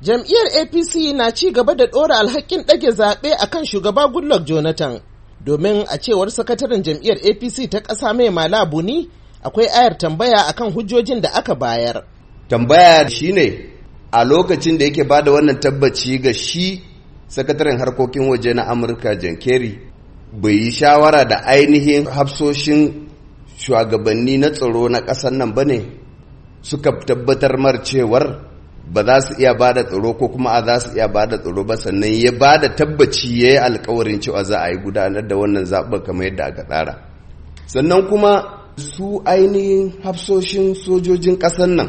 Jam'iyyar APC na ci gaba da ɗora alhakin ɗage zaɓe a kan shugaba Goodluck Jonathan. Domin a cewar sakataren jam'iyyar APC ta ƙasa mai mala buni akwai ayar tambaya akan hujjojin da aka bayar. Tambaya shine a lokacin da yake bada wannan tabbaci ga shi sakataren harkokin waje na Amurka jankeri Kerry bai yi shawara da ainihin hafsoshin shugabanni na tsaro na ƙasar nan ba ne suka tabbatar mar cewar ba za su iya bada tsaro ko kuma a za su iya da tsaro ba sannan ya bada tabbaci ya yi alkawarin cewa za a yi gudanar da wannan zaɓen kamar yadda aka tsara sannan kuma su ainihin hafsoshin sojojin ƙasar nan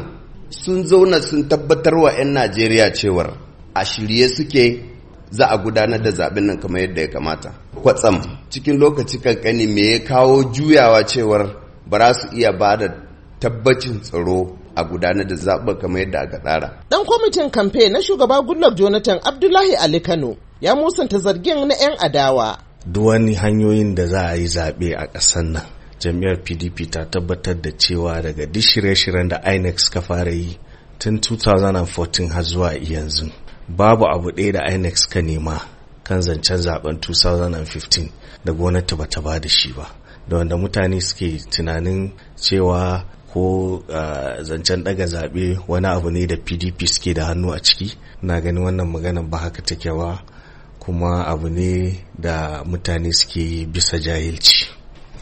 sun zauna sun tabbatar wa 'yan najeriya cewar a shirye suke za a gudanar da zaɓen nan kamar yadda ya kamata kwatsam cikin lokaci kankani me ya kawo juyawa cewar ba za su iya bada tabbacin tsaro a gudanar da zaɓen kamar yadda aka tsara. Dan kwamitin kamfe na shugaba Goodluck Jonathan Abdullahi Ali Kano ya musanta zargin na 'yan adawa. Duk wani hanyoyin da za a yi zaɓe a ƙasar nan. Jami'ar PDP ta tabbatar da cewa daga duk shirye-shiryen da INEC ka fara yi tun 2014 har zuwa yanzu. Babu abu ɗaya da INEC ka nema kan zancen zaben 2015 da gwamnati ba ta ba da shi ba. Da wanda mutane suke tunanin cewa ko zancen daga zaɓe wani abu ne da pdp suke da hannu a ciki na ganin wannan maganan ba haka ta ba kuma abu ne da mutane suke bisa jahilci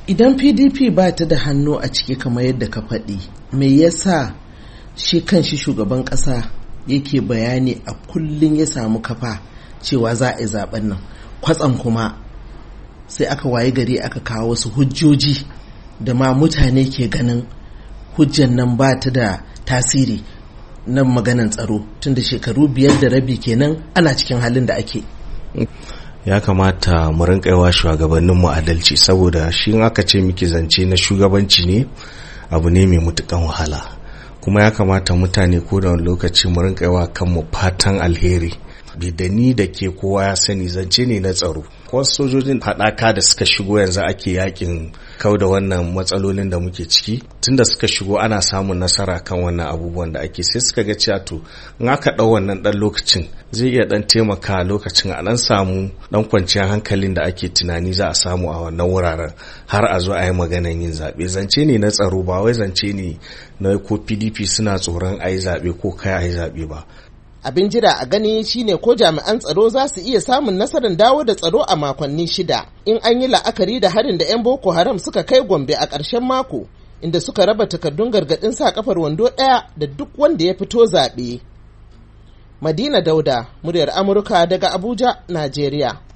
idan pdp ba ta da hannu a ciki kamar yadda ka faɗi me yasa shi kan shi shugaban ƙasa yake bayani a kullum ya samu kafa cewa za a yi zaɓen nan kwatsam kuma sai aka wayi gari aka kawo wasu hujjoji da ma mutane ke ganin hujjan nan ba ta da tasiri na maganan tsaro tun da shekaru biyar da rabi kenan ana cikin halin da ake ya kamata mu shugabannin mu adalci saboda shi aka ce miki zance na shugabanci ne abu ne mai mutukan wahala kuma ya kamata mutane ko da wani lokaci mu rinƙaiwa kanmu fatan alheri da ni da ke kowa ya sani zance ne na tsaro wasu sojojin haɗaka da suka shigo yanzu ake yakin kau da wannan matsalolin da muke ciki tun da suka shigo ana samun nasara kan wannan abubuwan da ake sai suka ga cewa to in aka ɗau wannan ɗan lokacin zai iya ɗan taimaka lokacin a ɗan samu ɗan kwanciyar hankalin da ake tunani za a samu a wannan wuraren har a zo a yi maganan yin zaɓe zance ne na tsaro ba wai zance ne na ko pdp suna tsoron a yi zaɓe ko kai a yi zaɓe ba abin jira a gani shine ko jami'an tsaro za su iya samun nasarar dawo da tsaro a makonni shida in an yi la'akari da harin da 'yan boko haram suka kai gombe a ƙarshen mako inda suka raba takardun gargaɗin sa kafar wando ɗaya da duk wanda ya fito zaɓe madina dauda muryar amurka daga abuja najeriya